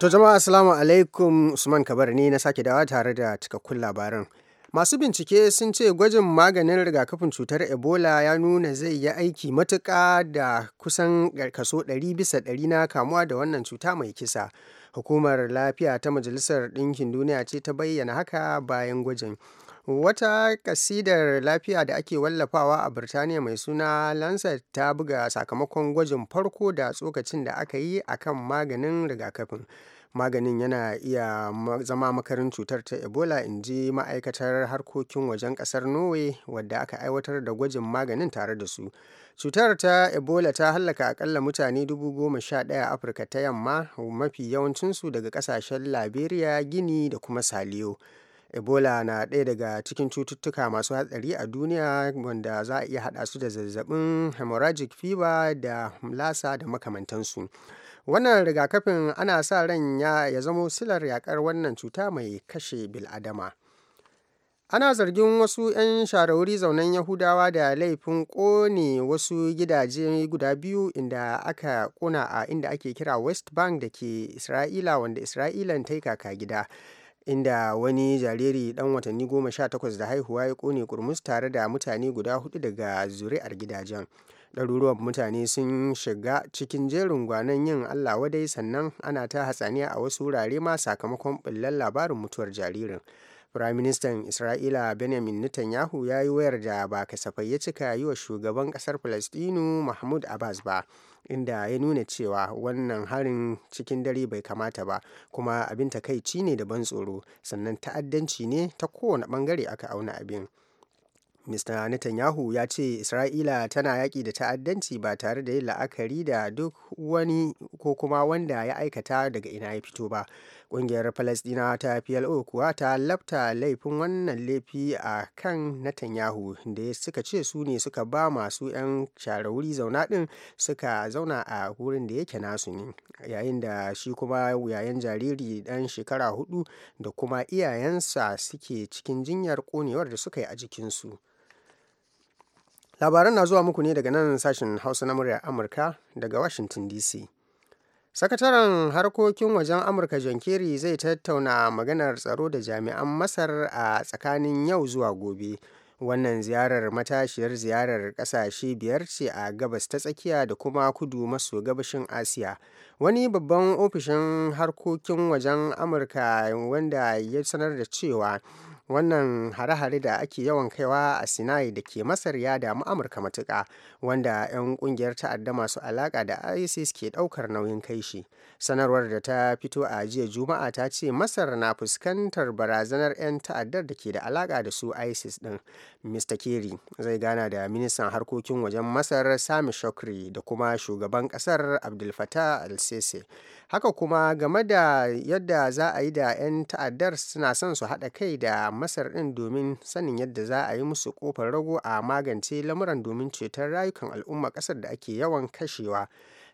To jama'a assalamu alaikum Usman Kabar ne na sake dawa tare da cikakkun labaran. Masu bincike sun ce gwajin maganin rigakafin cutar Ebola ya nuna zai yi aiki matuƙa da kusan kaso ɗari bisa ɗari na kamuwa da wannan cuta mai kisa. Hukumar lafiya ta Majalisar Ɗinkin Duniya ce ta bayyana haka bayan gwajin. Wata ƙasidar lafiya da ake wallafawa a Birtaniya mai suna Lancet ta buga sakamakon gwajin farko da tsokacin da aka yi a kan maganin rigakafin. Maganin yana iya zama makarin cutar ta Ebola, in ji ma'aikatar harkokin wajen ƙasar Norway wadda aka aiwatar da gwajin maganin tare da su. Cutar ta Ebola ta hallaka akalla mutane dubu goma sha ɗaya a Afirka ta Yamma, mafi yawancinsu daga ƙasashen Liberia, Guinea da kuma Saliyo. Ebola na ɗaya daga cikin cututtuka masu hatsari a duniya wanda za a iya haɗa su da zazzabin hemorrhagic fever da lasa da makamantansu. Wannan rigakafin ana sa ran ya zamo silar yaƙar wannan cuta mai kashe bil'adama. Ana zargin wasu 'yan sharauri zaunen Yahudawa da laifin ƙone wasu gidaje guda biyu inda aka ƙona a inda ake kira West Bank da ke Isra'ila wanda Isra'ilan ta yi kaka gida. inda wani jariri dan watanni goma sha takwas da haihuwa ya kone kurmus tare da mutane guda hudu daga zuri'ar gidajen ɗaruruwan mutane sun shiga cikin jerin gwanon yin allah wadai sannan ana ta hatsaniya a wasu wurare ma sakamakon ɓullar labarin mutuwar jaririn Firaministan Isra'ila Benjamin Netanyahu ya yi wayar da ba kasafai ya cika yi wa shugaban ƙasar palestinu Mahmud Abbas ba. inda ya nuna cewa wannan harin cikin dare bai kamata ba kuma abin takaici ne da ban tsoro sannan ta'addanci ne ta kowane bangare aka auna abin Mr. Netanyahu ya ce Isra'ila tana yaƙi da ta'addanci ba tare da yin la'akari da duk wani ko kuma wanda ya aikata daga ina ya fito ba. Ƙungiyar Falasɗinawa ta PLO kuwa ta labta laifin wannan laifi a kan Netanyahu da suka ce su ne suka ba masu 'yan share wuri zauna ɗin suka zauna a wurin da yake nasu ne. Yayin da shi kuma yayan jariri ɗan shekara hudu da kuma iyayensa suke cikin jinyar ƙonewar da suka yi a jikinsu. labaran na zuwa muku ne daga nan sashen hausa na murya amurka daga washington dc sakataren harkokin wajen amurka john kerry zai tattauna maganar tsaro da jami'an masar a tsakanin yau zuwa gobe wannan ziyarar matashiyar ziyarar kasashe biyar ce a gabas ta tsakiya da kuma kudu maso gabashin asiya wani babban ofishin harkokin wajen amurka wanda ya sanar da cewa wannan hare-hare da ake yawan kaiwa a sinai da ke masar ya damu amurka matuka, wanda 'yan ƙungiyar ta'adda masu alaƙa da isis ke ɗaukar nauyin kai shi sanarwar da ta fito a jiya juma'a ta ce masar na fuskantar barazanar 'yan ta'addar da ke da alaƙa da su isis ɗin mr kerry zai gana da ministan harkokin wajen masar sami shokri da kuma shugaban ƙasar abdul al-sisi haka kuma game da yadda za a yi da 'yan ta'addar suna son su haɗa kai da masar ɗin domin sanin yadda za a yi musu ƙofar rago a magance lamuran domin ceton rayukan al'umma ƙasar da ake yawan kashewa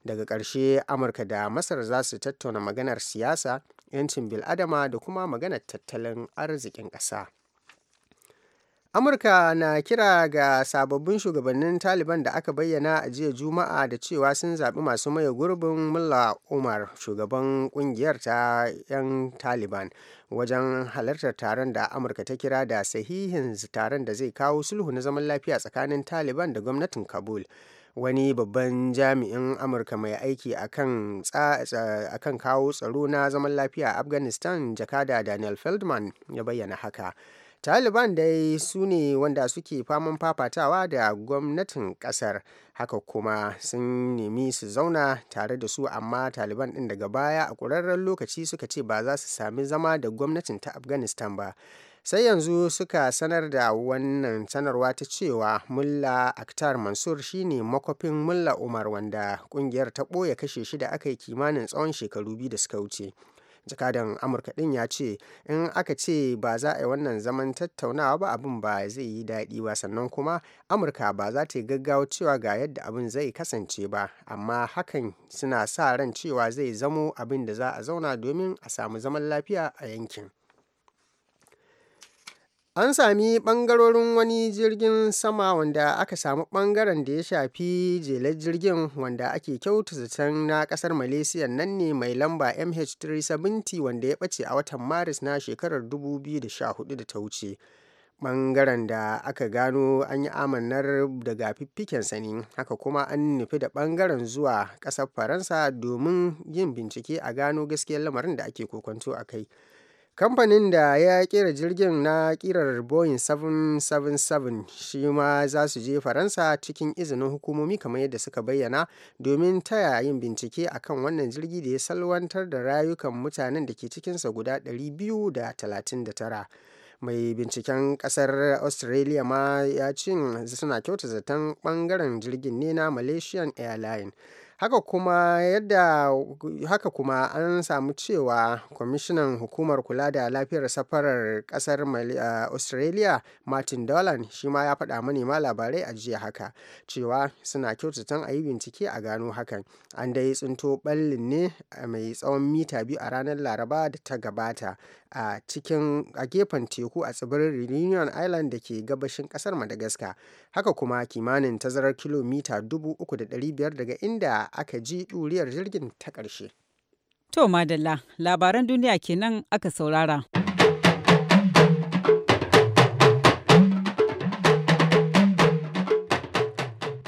daga ƙarshe amurka da masar za su tattauna maganar siyasa 'yancin bil'adama da kuma maganar tattalin arzikin ƙasa amurka na kira ga sababbin shugabannin taliban da aka bayyana a jiya juma'a da cewa sun zaɓi masu maye gurbin mullah umar shugaban ƙungiyar ta 'yan taliban wajen halartar taron da amurka ta kira da sahihin taron da zai kawo sulhu na zaman lafiya tsakanin taliban da gwamnatin kabul wani babban jami'in amurka mai aiki a kan kawo tsaro na zaman lafiya a afghanistan jakada daniel feldman ya bayyana haka taliban dai su ne wanda suke faman fafatawa da gwamnatin kasar haka kuma sun nemi su zauna tare da su amma taliban ɗin daga baya a ƙurarren lokaci suka ce ba za su sami zama da gwamnatin ta afghanistan ba sai yanzu suka sanar da wannan sanarwa ta cewa mulla akhtar mansur shine makwafin mulla umar wanda kungiyar ta ɓoye kashe shi da aka yi kimanin tsawon shekaru biyu da suka wuce jakadan amurka din ya ce in aka ce ba za a yi wannan zaman tattaunawa ba abin ba zai yi daɗi ba sannan kuma amurka ba za ta yi gaggawa cewa ga yadda abin zai kasance ba amma hakan suna sa ran cewa zai zamo abin da za a zauna domin a samu zaman lafiya a yankin An sami ɓangarorin wani jirgin sama wanda aka samu ɓangaren da ya shafi jelar jirgin wanda ake kyauta zaton na ƙasar malaysia nan ne mai lamba MH370 wanda ya ɓace a watan Maris na shekarar 2014 da ta wuce, ɓangaren da aka gano an yi amannar daga fiffikensa sani haka kuma an nufi da ɓangaren zuwa ƙasar Faransa domin yin bincike a gano gaskiyar lamarin da ake kokwanto a kai. Kamfanin da ya kera jirgin na ƙirar Boeing 777 shi ma za su je Faransa cikin izinin hukumomi kamar yadda suka bayyana domin taya yin bincike a kan wannan jirgi da ya salwantar da rayukan mutanen da ke cikinsa guda 239. mai binciken kasar australia ma ya ce suna kyauta zaton bangaren jirgin ne na malaysian airline haka kuma yadda haka kuma an samu cewa kwamishinan hukumar kula da lafiyar safarar kasar australia martin dolan shi ma ya faɗa manema labarai a jiya haka cewa suna kyautatan a yi bincike a gano hakan an dai tsinto ballin ne mai tsawon mita biyu a ranar laraba da ta gabata a cikin a gefen teku a tsibirin reunion island da ke gabashin kasar madagascar haka kuma kimanin tazarar kilomita 3,500 daga inda aka ji ɗuriyar jirgin ta ƙarshe to madalla labaran duniya kenan aka saurara.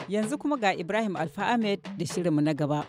Yanzu kuma ga Ibrahim Alfa Ahmed da shirinmu na gaba.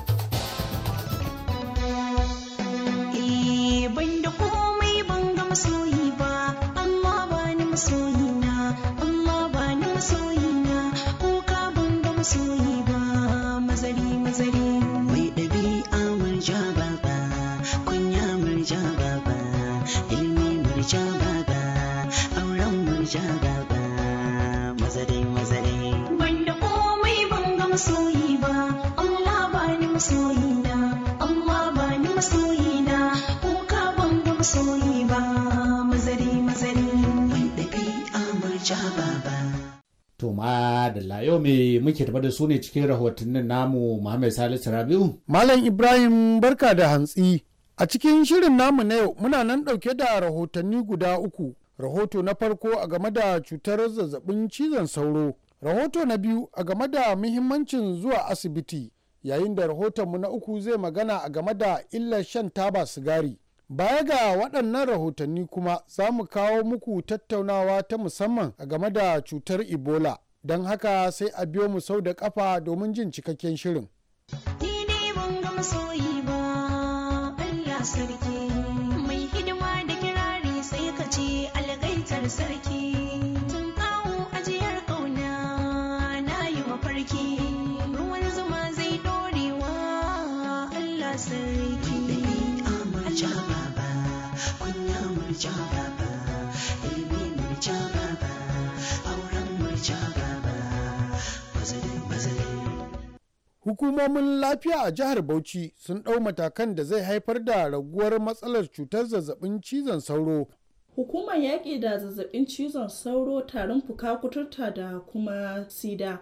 su ne cikin rahotannin namu Muhammad Salisu Rabiu. Malam Ibrahim barka da hantsi. A cikin shirin namu na yau muna nan ɗauke da rahotanni guda uku. Rahoto na farko a game da cutar zazzabin cizon sauro. Rahoto na biyu a game da muhimmancin zuwa asibiti. Yayin da rahotonmu na uku zai magana a game da illar shan taba sigari. Baya ga waɗannan rahotanni kuma za mu kawo muku tattaunawa ta musamman a game da cutar Ebola. don haka sai a biyo mu sau da ƙafa domin jin cikakken shirin. Ni dai ban ga masoyi ba, Allah sarki, mai hidima da kirari sai ka ce algaitar sarki. Tun kawo ajiyar ƙauna na yi mafarki, ruwan zuma zai ɗorewa Allah sarki. Dabi'a marja baba, kunya baba. hukumomin lafiya a jihar bauchi sun ɗau matakan da zai haifar da raguwar matsalar cutar zazzabin cizon sauro hukumar yaƙi da zazzabin cizon sauro tarin fuka kuturta da kuma sida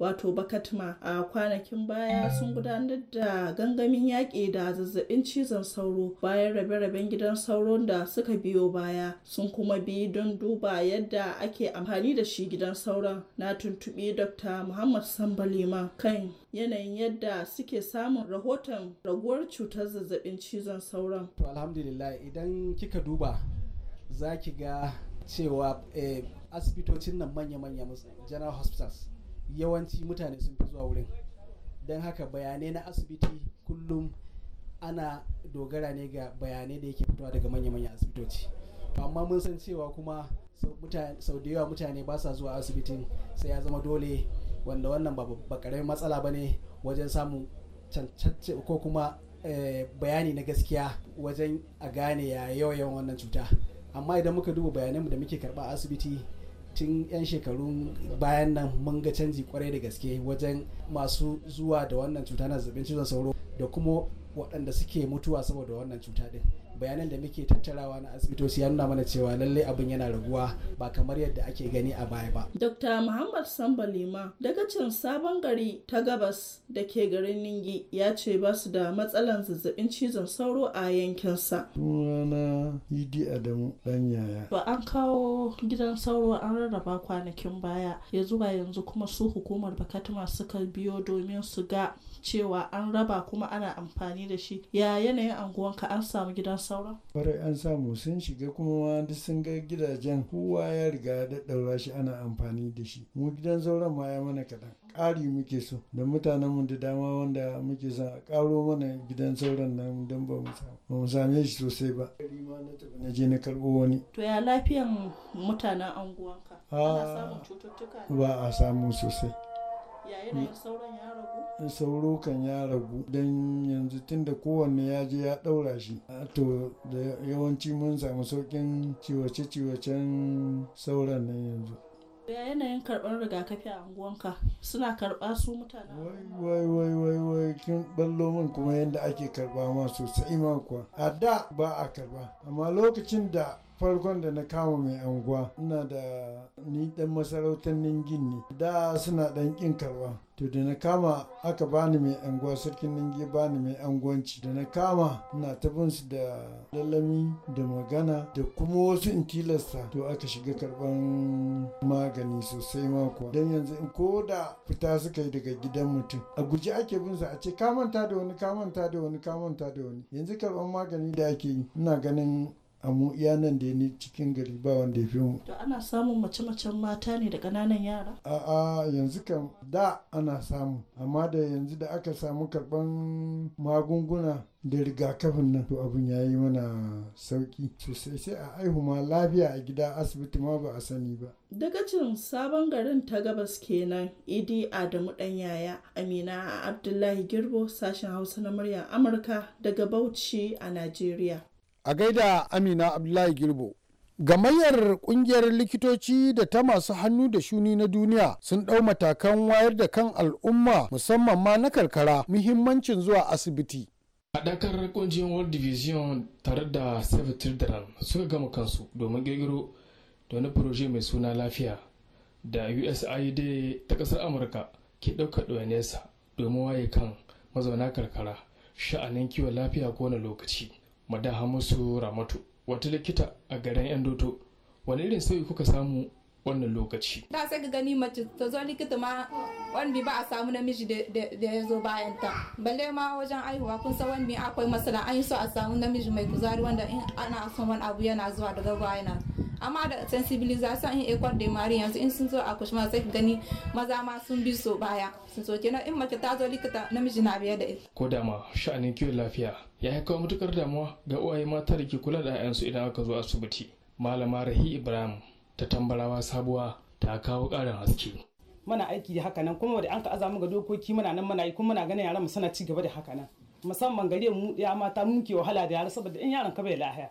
wato bakatma a kwanakin baya sun gudanar da gangamin yaƙi da zazzabin cizon sauro bayan rabe-raben gidan sauron da suka biyo baya sun kuma bi don duba yadda ake amfani da shi gidan sauron na tuntuɓi dr muhammad sambalima kan yanayin yadda suke samun rahoton raguwar cutar zazzabin cizon sauron alhamdulillah idan kika duba za ki ga cewa eh, asibitocin nan manya-manya general hospitals yawanci mutane sun fi zuwa wurin don haka bayanai na asibiti kullum ana dogara ne ga bayanai da yake fitowa daga manya-manyan asibitoci amma mun san cewa kuma sau da yawa mutane ba sa zuwa asibitin sai ya zama dole wanda wannan ba karamin matsala ba ne wajen samun cancance ko kuma eh, bayani na gaskiya wajen a gane ya yawan wannan cuta amma idan muka duba mu da muke karba asibiti tun 'yan shekarun bayan nan mun ga canji kwarai da gaske wajen masu zuwa da wannan cuta na zazzabin cizon sauro da kuma waɗanda suke mutuwa saboda wannan cuta ɗin. bayanan da muke tattarawa na asibitoci ya nuna mana cewa lallai abin yana raguwa ba kamar yadda ake gani a baya ba. Dr. Muhammad sambalima Lima daga cin sabon gari ta gabas da ke garin Ningi ya ce ba su da matsalan zazzabin cizon sauro a yankinsa. Sunana Idi Adamu dan yaya. Ba an kawo gidan sauro an rarraba kwanakin baya ya zuwa yanzu kuma su hukumar Bakatuma suka biyo domin su ga cewa an raba kuma ana amfani da shi ya yanayin anguwanka an samu gidan sauran? kwarai an samu sun shiga kuma wanda sun ga gidajen kowa ya riga da daura shi ana amfani da shi mu gidan sauran ma ya mana kaɗan ƙari muke so da mutanen mu da dama wanda muke son a ƙaro mana gidan sauran nan don ba mu same shi sosai ba na je na karɓo wani to ya lafiyan mutanen anguwanka ba a samu sosai sauro kan ya ragu don yanzu tunda kowanne ya je ya ɗaura shi to da yawanci mun samu sauƙin ciwace-ciwacen sauran nan yanzu ya yanayin karɓar rigakafi a unguwanka suna karɓa su mutane wai wai wai wai kin ballo min kuma yadda ake karɓa ma sosai ma kuwa a da ba a karɓa amma lokacin da farkon da na kama mai anguwa ina da ni dan masarautar ningin ne da suna dan kin karba to da na kama aka bani mai anguwa sarkin ningi bani mai anguwanci da na kama ina ta su da lalami da magana da kuma wasu in tilasta to aka shiga karban magani sosai ma kuwa don yanzu in ko da fita suka yi daga gidan mutum a guji ake bin su a ce kamanta da wani kamanta da wani kamanta da wani yanzu karban magani da ake yi ina ganin amma iya nan da ni cikin gari ba wanda ya fi mu. To ana samun mace-macen mata ne da ƙananan yara? A'a yanzu kam da ana samu amma da yanzu da aka samu karɓan magunguna da rigakafin nan to abin ya yi mana sauki sosai sai a aihu ma lafiya a gida asibiti ma ba a sani ba. Dagacin sabon garin ta gabas kenan Idi Adamu ɗan yaya Amina Abdullahi Girbo sashen Hausa na murya Amurka daga Bauchi a Najeriya. a gaida amina abdullahi girbo gamayyar kungiyar likitoci da ta masu hannu da shuni na duniya sun ɗau matakan wayar da kan al'umma musamman ma na karkara muhimmancin zuwa asibiti haɗakar kungiyar world division tare da save children suka gama kansu domin gero da wani proje mai suna lafiya da usaid ta ƙasar amurka ke ɗaukar nesa domin waye kan mazauna karkara sha'anin kiwon lafiya kowane lokaci madahamusu musu ramatu wata likita a garin yan doto wani irin sauyi kuka samu wannan lokaci. Ta sai ka gani mace ta zo likita ma wani ba a samu namiji da ya zo bayan ta. Balle ma wajen aihuwa kun san wani akwai masana an yi so a samu namiji mai kuzari wanda in ana son wani abu yana zuwa daga bayana. amma da sensibilization in ekwar da mari yanzu in sun zo a kushma sai ka gani maza ma sun bi so baya sun so kenan in mace ta zo likita namiji na biye da ita. Ko da ma sha'anin kiwon lafiya ya haifar matukar damuwa ga uwaye mata da ke kula da 'ya'yansu idan aka zo asibiti. Malama Rahi Ibrahim ta tambarawa sabuwa ta kawo ƙarin haske. Muna aiki da haka nan kuma da an ka azamu ga dokoki muna nan muna yi kuma muna ganin yaran mu suna ci gaba da haka nan. Musamman gare mu ya mata ke wahala da yara saboda in yaran ka bai lahiya.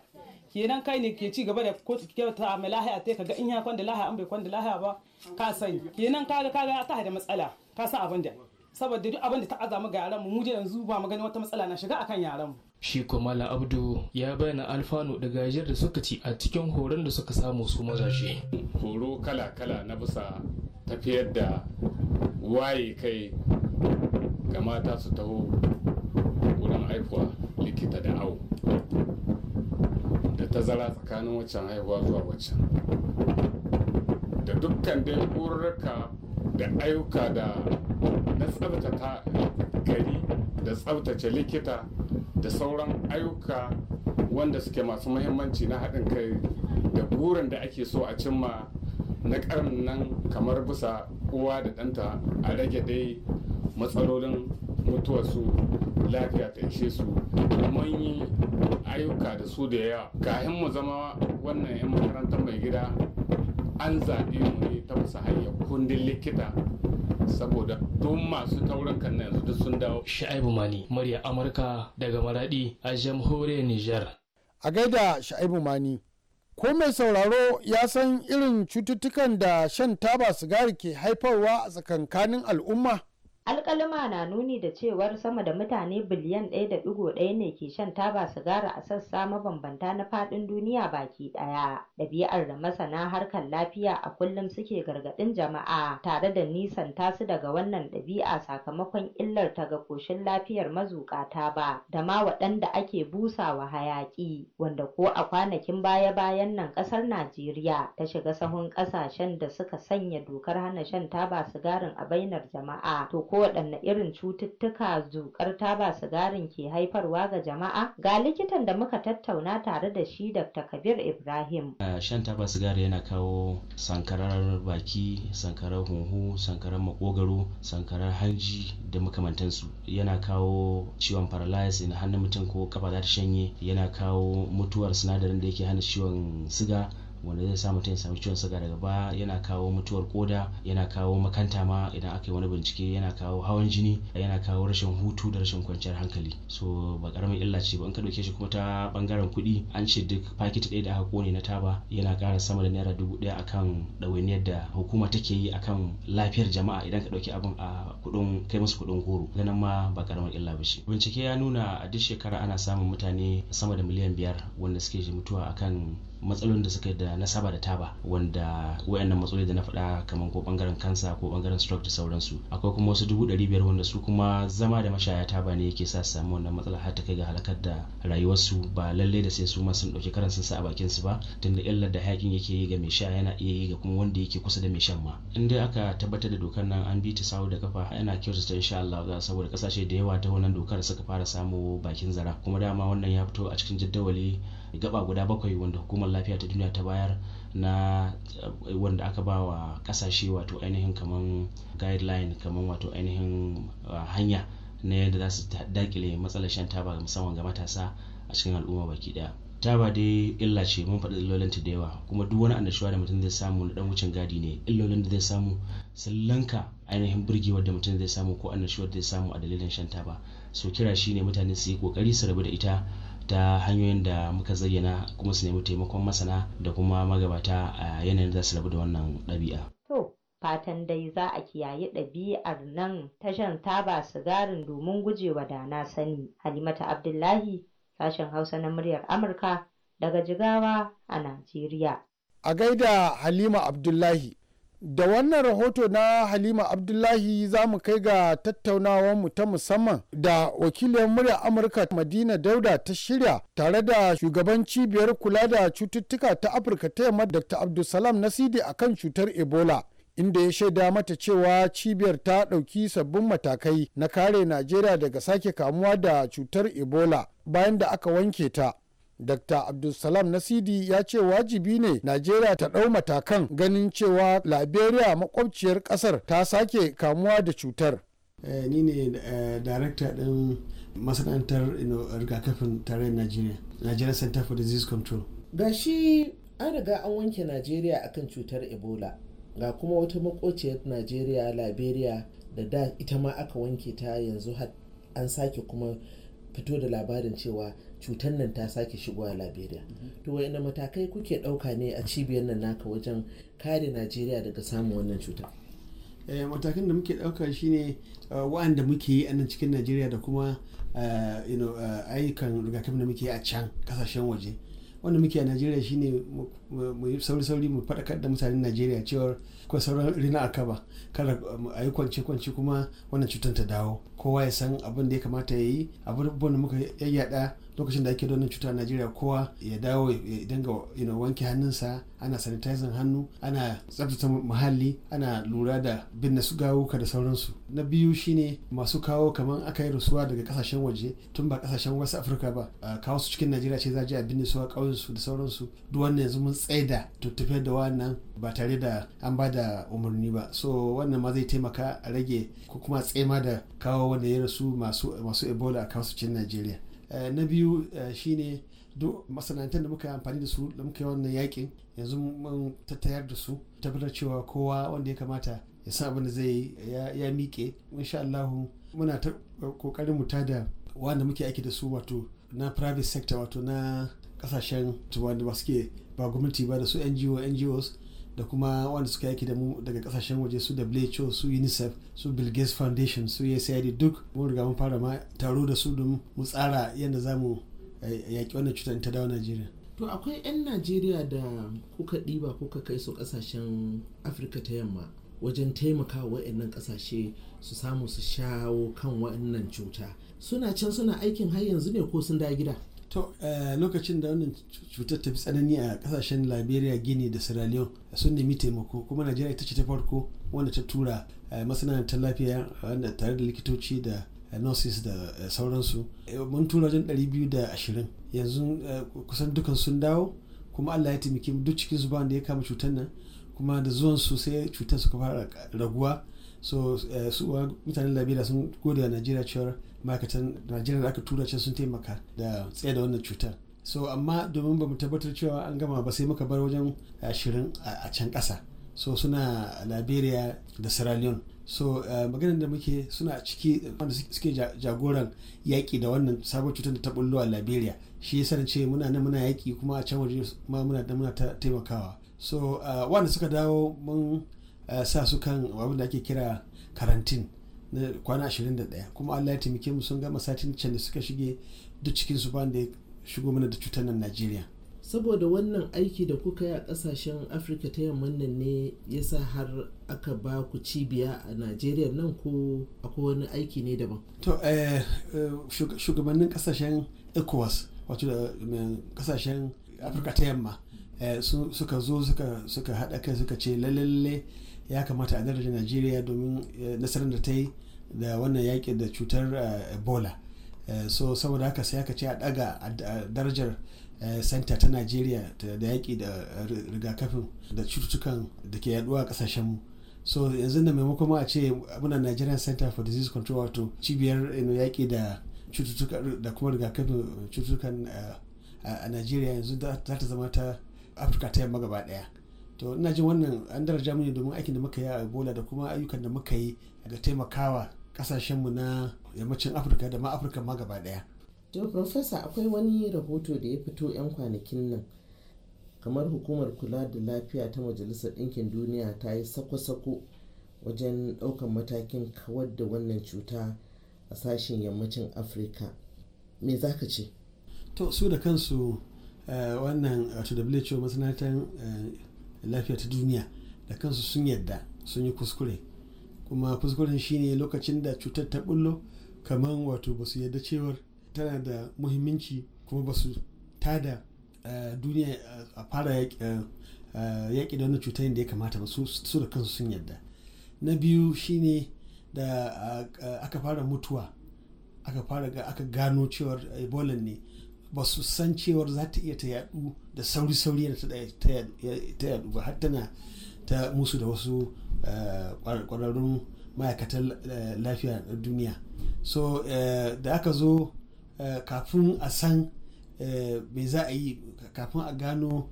kenan kai ne ke ci gaba da kotu ke ta mai lahiya ta ga in ya kwanda lahiya an bai kwanda lahiya ba ka sani kenan ka ga ka ta da matsala ka san abin da saboda duk abin da ta azama ga yaran mu mu yanzu ba mu gani wata matsala na shiga akan yaran mu shi kuma la'abdu ya bayyana alfanu da gajiyar da suka ci a cikin horon da suka samu su maza shi. horo kala-kala na bisa tafiyar da waye kai ga mata su taho wurin haihuwa likita da awo da tazara tsakanin waccan haihuwa zuwa waccan da dukkan dai ƙurarka da ayyuka da na tsabtata gari da tsabtace likita da sauran ayyuka wanda suke masu mahimmanci na haɗin kai da burin da ake so a cimma na ƙarnin nan kamar bisa uwa da ɗanta a rage dai matsalolin mutuwarsu lafiya ta ishe su mun yi ayyuka da su da yawa kahin mu zama wannan 'yan makarantar mai gida an zaɓe mu ne ta musa hanyar kundin likita saboda duk masu taurin kan yanzu duk sun dawo sha'ibu mani murya amurka daga maradi a jamhuriyar Nijar. a gaida sha'ibu mani ko mai sauraro ya san irin cututtukan da shan taba sigari ke haifarwa a tsakankanin al'umma Alƙaluma na nuni da cewar sama da mutane biliyan ɗaya da ɗigo ɗaya ne ke shan taba sigari a sassa mabambanta na faɗin duniya baki ɗaya, ɗabi'ar da masana harkar lafiya a kullum suke gargaɗin jama'a tare da nisanta su daga wannan ɗabi'a sakamakon illar ta ga ƙoshin lafiyar mazuƙa taba da ma waɗanda ake busawa hayaƙi, wanda ko a kwanakin baya-bayan nan ƙasar Najeriya ta shiga sahun ƙasashen da suka sanya dokar hana shan taba sigarin a bainar jama'a, to ko waɗanne irin cututtuka zuƙar taba sigarin ke haifarwa ga jama'a? Ga likitan da muka tattauna tare da shi Dr. Kabir Ibrahim. Shan taba sigari yana kawo sankarar baki, sankarar huhu sankarar makogaro, sankarar hanji da makamantansu. Yana kawo ciwon paralysis na hannun mutum ko kafa za ta shanye, yana kawo mutuwar sinadarin da yake hana ciwon siga wanda zai sa mutum ya sami ciwon suga daga baya yana kawo mutuwar koda yana kawo makanta ma idan aka yi wani bincike yana kawo hawan jini yana kawo rashin hutu da rashin kwanciyar hankali so ba karamin illa ce ba in ka dauke shi kuma ta bangaren kuɗi an ce duk fakiti ɗaya da aka kone na taba yana ƙara sama da naira dubu ɗaya akan ɗawainiyar da hukuma take yi akan lafiyar jama'a idan ka ɗauki abin a kuɗin kai musu kuɗin goro ganin ma ba karamin illa ba shi bincike ya nuna a duk shekara ana samun mutane sama da miliyan biyar wanda suke mutuwa akan matsalolin da suka da nasaba da taba wanda wayannan matsaloli da na faɗa kamar ko bangaren kansa ko bangaren stroke da sauransu akwai kuma wasu dubu ɗari biyar wanda su kuma zama da mashaya taba ne yake sa su samu wannan matsala har ta kai ga halakar da rayuwarsu ba lallai da sai su ma sun ɗauki karan sun sa a bakin su ba tunda illar da hayakin yake yi ga mai sha yana iya yi ga kuma wanda yake kusa da mai shan ma in dai aka tabbatar da dokar nan an bi ta sawu da kafa yana kyautata insha Allah saboda kasashe da yawa ta wannan dokar suka fara samu bakin zara kuma dama wannan ya fito a cikin jaddawali gaba guda bakwai wanda hukumar lafiya ta duniya ta bayar na wanda aka ba wa kasashe wato ainihin kaman guideline kaman wato ainihin uh, hanya na yadda za su dakile matsalar shan taba musamman ga matasa a cikin al'umma baki daya taba dai illa ce mun faɗi ta da yawa kuma duk wani annashuwa da mutum zai samu na dan wucin gadi ne illolin da zai samu sallanka ainihin burgewar da mutum zai samu ko annashuwar da zai samu a dalilin shan taba so kira shine mutane su yi kokari su rabu da ita ta hanyoyin da muka zayyana kuma su nemi taimakon masana da kuma magabata a yanayin za su rabu da wannan ɗabi'a. To, fatan dai za a kiyaye ɗabi'ar nan ta shan taba sigarin domin gujewa da na sani. Halimata Abdullahi, sashen Hausa na muryar Amurka daga Jigawa a Najeriya. A gaida Halima Abdullahi. da wannan rahoto na halima abdullahi za mu kai ga mu ta musamman da wakiliyar murya amurka madina dauda ta shirya tare da shugaban cibiyar kula da cututtuka ta afirka ta yamma dr abdulsalam nasidi kan cutar ebola inda ya shaida mata cewa cibiyar ta ɗauki sabbin matakai na kare najeriya daga sake kamuwa da cutar ebola bayan da aka wanke ta Dr. Abdulsalam Nasidi ya ce wajibi ne Najeriya ta ɗau matakan ganin cewa Liberia makwabciyar ƙasar ta sake kamuwa da cutar. Eh, ni ne eh, darakta ɗin masana'antar rigakafin tarayyar Najeriya, Nigeria Center for Disease Control. Ga shi an riga an wanke Najeriya akan cutar Ebola, ga kuma wata makwabciyar Najeriya, Liberia da da ita ma aka wanke ta yanzu an sake kuma fito da labarin cewa cutar nan ta sake shigo a liberia mm-hmm. to wayanne matakai kuke ɗauka ne a cibiyar nan naka wajen kare najeriya daga samun wannan cuta eh, matakan da muke ɗauka shine uh, wa'anda muke yi a nan cikin najeriya da kuma uh, uh, ayyukan rigakafin da muke yi a can kasashen waje wanda muke a najeriya shine mu sauri-sauri mu faɗakar da mutanen najeriya cewar ko sauran rina aka ba kada a yi kwance kwance kuma wannan cutar ta dawo kowa ya san abin da ya kamata ya yi abubuwan da muka yayyada lokacin da ake da wannan cuta a najeriya kowa ya dawo ya dinga wanke hannunsa ana sanitizing hannu ana tsabtace muhalli ana lura da binne su gawuka da sauransu na biyu shine masu kawo kamar aka yi rasuwa daga kasashen waje tun ba kasashen wasu afirka ba a kawo su cikin najeriya ce za a je a binne su a ƙauyensu da sauransu duk wannan yanzu mun tsaida tuttufe da wannan ba tare da an ba da umarni ba so wannan ma zai taimaka a rage ko kuma tsema da kawo wanda ya rasu masu ebola a kasuwancin najeriya eh, na biyu eh, shine duk masana'antar da muka yi amfani da su da muka yi wannan yakin yanzu mun tattayar da su tabbatar cewa kowa wanda ya kamata ya san abin da zai ya miƙe insha Allahu muna ta kokarin mu tada wanda muke aiki da su wato na private sector wato na kasashen wanda ba suke ba gwamnati ba da su NGO NGOs da kuma wanda suka yaki da mu daga kasashen waje su WHO su UNICEF su Bill Gates Foundation su USAID duk mun riga mun fara ma taro da su don mu tsara yadda za mu eh, yaƙi wannan cutar ta dawo Najeriya. To akwai 'yan Najeriya da kuka ɗiba kuka kai su kasashen Afirka ta yamma wajen taimaka wa waɗannan ƙasashe su samu su shawo kan waɗannan cuta. Suna can suna aikin har yanzu ne ko sun da gida? to eh, lokacin da wannan cutar ta fi tsanani a kasashen liberia guinea da sierra leone sun nemi taimako kuma najeriya ita ce ta farko wanda ta tura eh, masana'antar lafiya wanda tare da likitoci da eh, nurses da sauransu mun tura wajen 220 yanzu kusan dukan sun dawo kuma allah ya taimaki duk cikin su da ya kama cutar nan kuma da zuwan su sai cutar suka fara raguwa so su mutanen liberia sun gode wa najeriya cewar ma'aikatan najeriya da aka tura can sun taimaka da tsaye da wannan cutar so amma domin ba mu tabbatar cewa an gama ba sai muka bar wajen ashirin a can ƙasa so suna liberia da sierra leone so eh, maganin da muke suna ciki wanda suke jagoran yaƙi da wannan sabon cutar da ta bullo a liberia shi yasa ce muna nan muna yaƙi kuma a can waje ma muna nan muna taimakawa so eh, wanda suka dawo mun eh, sa su kan abin da ake kira karantin na kwana 21 kuma Allah ya taimake mu sun gama satin can da suka shige duk cikin su ba da ya shigo mana da cutar nan Najeriya saboda wannan aiki da kuka yi a kasashen afirka ta yamman nan ne ya sa har aka ba ku cibiya a najeriya nan ko akwai wani aiki ne daban to eh, eh, shugabannin kasashen ecowas wato da kasashen afirka ta yamma eh, suka zo suka haɗa kai suka ce lalle ya kamata a daraja najeriya domin eh, nasarar da ta yi da wannan yaƙi da cutar eh, ebola eh, so saboda haka sai aka ce a daga darajar santa ta najeriya da yaƙi da rigakafin da cututtukan da ke yaduwa a ƙasashenmu so yanzu da maimakon a ce muna nigerian center for disease control wato cibiyar yaƙi da cututtuka da kuma rigakafin cututtukan a najeriya yanzu za ta zama ta afirka ta yamma gaba daya to ina jin wannan an daraja mu ne domin aikin da muka yi a ebola da kuma ayyukan da muka yi ga taimakawa kasashenmu na yammacin afirka da ma afirka ma gaba daya to profesa akwai wani rahoto da ya fito 'yan kwanakin nan kamar hukumar kula da lafiya ta majalisar ɗinkin duniya ta yi sako-sako wajen ɗaukar matakin kawar da wannan cuta a sashen yammacin afirka me za ka ce to su da kansu eh, wannan who masanatan eh, lafiya ta duniya da kansu sun yadda sun yi kuskure kuma kuskuren shine lokacin da cutar ta bullo kamar wato ba su yadda cewar tana da muhimmanci kuma ba su da eh, duniya eh, a fara eh, yaƙi da wannan cutar da ya kamata ba su da kansu sun yadda na biyu shine da aka fara mutuwa aka fara aka gano cewar ebola ne ba su san cewar za ta iya ta yadu da sauri-sauri da ta yadu ba har tana ta musu da wasu kwararrun eh, ma'aikatan eh, lafiya na duniya so eh, da aka zo kafin a san me za a yi kafin a gano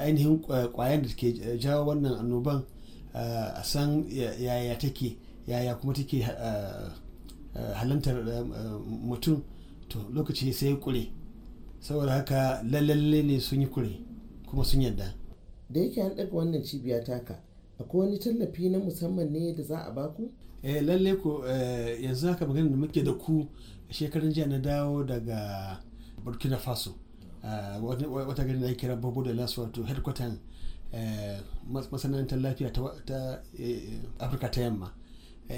ainihin kwayan da ke jawo wannan annoban a san yaya take yaya kuma take halantar mutum to lokaci sai kure saboda haka lalle ne sun yi kure kuma sun yadda da yake an ɗaga wannan cibiya taka akwai wani tallafi na musamman ne da za a baku eh lalle ku eh, yanzu haka magana da muke da ku shekarun jiya na dawo daga burkina faso eh, wata gari na kira babu da lasu wato headquarter eh, masana'antar lafiya ta afirka ta yamma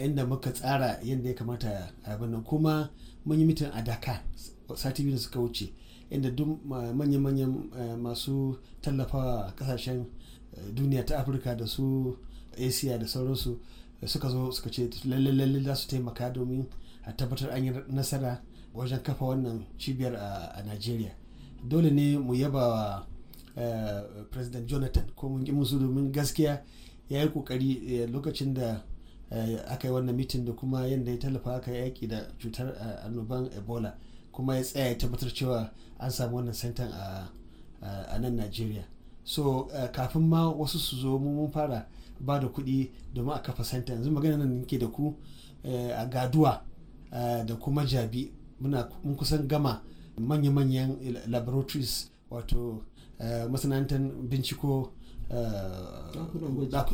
inda muka tsara yadda ya kamata a nan kuma mun yi mitin a daka sati biyu da suka wuce inda duk manya-manyan eh, masu tallafawa kasashen eh, duniya ta afirka da su asia da sauransu eh, suka zo suka ce lalle za su taimaka domin a tabbatar an yi nasara wajen kafa wannan cibiyar a nigeria dole ne mu yaba wa president jonathan ko mun ki musu domin gaskiya ya yi kokari lokacin da aka yi wannan mitin da kuma yadda ya tallafa aka yaki da cutar annoban ebola kuma ya tsaya ya tabbatar cewa an samu wannan santan a nan najeriya so eh, kafin ma wasu su zo mun fara ba da kuɗi domin a kafa santa yanzu magana nan ke da ku eh, a gaduwa eh, da kuma jabi mun kusan gama manya-manyan laboratories wato masana'antar binciko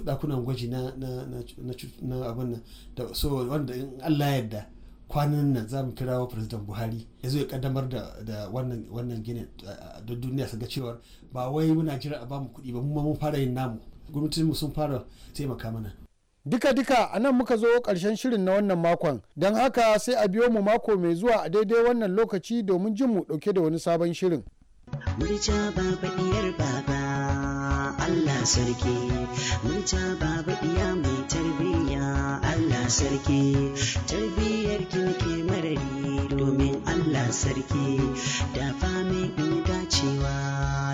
dakunan gwaji na abin nan so wanda in allah yadda kwanan nan za mu kira wa firistan buhari ya zo ya kaddamar da wannan gini eh, da duniya su ga cewar ba wai muna jira a bamu kuɗi ba mu mun fara yin namu gwamnatinmu sun fara taimaka mana Duka-duka a nan muka zo karshen shirin na wannan makon, don haka sai a biyo mu mako mai zuwa a daidai wannan lokaci domin jin mu ɗauke da wani sabon shirin. baba. sarki muta baba iya mai tarbiyya Allah sarki tarbiyyar ki nake marari domin Allah sarki da mai in dacewa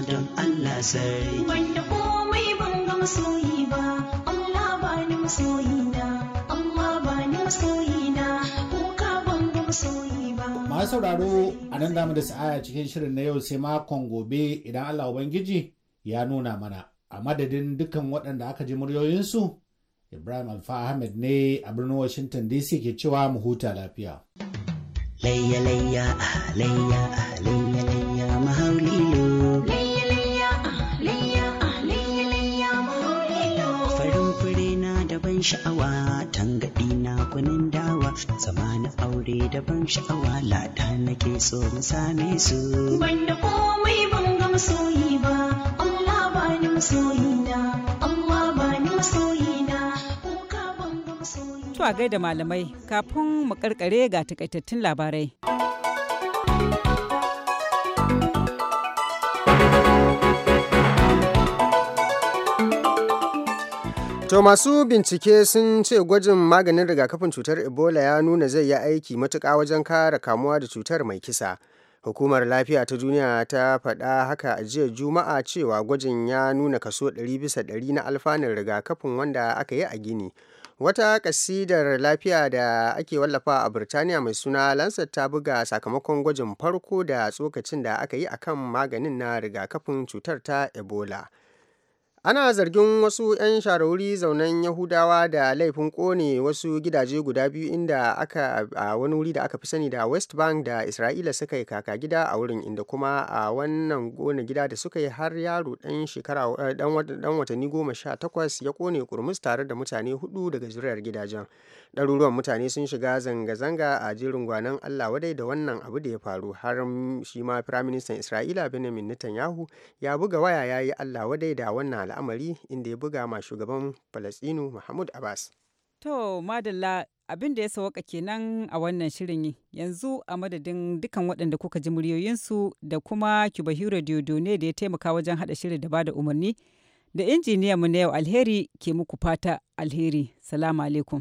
don Allah sarki wanda komai ban ga masoyi ba Allah ba ni masoyi na Allah ba ni masoyi na kuka ban ga masoyi ba masu sauraro a nan damu da sa'aya cikin shirin na yau sai makon gobe idan Allah Ubangiji ya nuna mana. a madadin dukkan waɗanda aka ji muryoyinsu ibrahim alfa ahmed ne a birnin washington dc ke cewa mu huta lafiya ah, ah, ah, daban sha'awa tangaɗi na kunin dawa zama na aure da ban sha'awa lada nake so mu same su Ban da komai ban ga masoyi ba Tuwa gaida malamai kafin mu karkare ga takaitattun labarai To masu bincike sun ce gwajin maganin rigakafin cutar Ebola ya nuna zai yi aiki matuƙa wajen kare kamuwa da cutar mai kisa. hukumar lafiya ta duniya ta faɗa haka a jiya juma'a cewa gwajin ya nuna kaso 100 bisa 100 na alfanun rigakafin wanda aka yi a gini wata kasidar lafiya da ake wallafa a birtaniya mai suna lancet ta buga sakamakon gwajin farko da tsokacin da aka yi akan maganin na rigakafin cutar ta ebola Ana zargin wasu ‘yan sharauri zaunen Yahudawa da laifin ƙone wasu gidaje guda biyu inda aka a wani wuri da aka fi sani da West Bank da Isra'ila suka yi kaka gida a wurin inda kuma a wannan ƙone gida da suka yi har yaro ɗan eh, watanni goma sha takwas ya ƙone kurmus tare da mutane hudu daga zuriyar gidajen. Ɗaruruwan mutane sun shiga zanga-zanga a jerin gwanan Allah wadai da wannan abu da ya faru har shi ma Firaministan Isra'ila Benjamin Netanyahu ya buga waya ya yi Allah wadai da wannan al'amari inda ya buga ma shugaban Falasɗinu Mahmud Abbas. To, Madalla abin da ya sawaka kenan a wannan shirin yanzu a madadin dukan waɗanda kuka ji muryoyinsu da kuma Kibahiro Diodo ne da ya taimaka wajen haɗa shirin da bada umarni da injiniyan mu na yau alheri ke muku fata alheri. Salamu alaikum.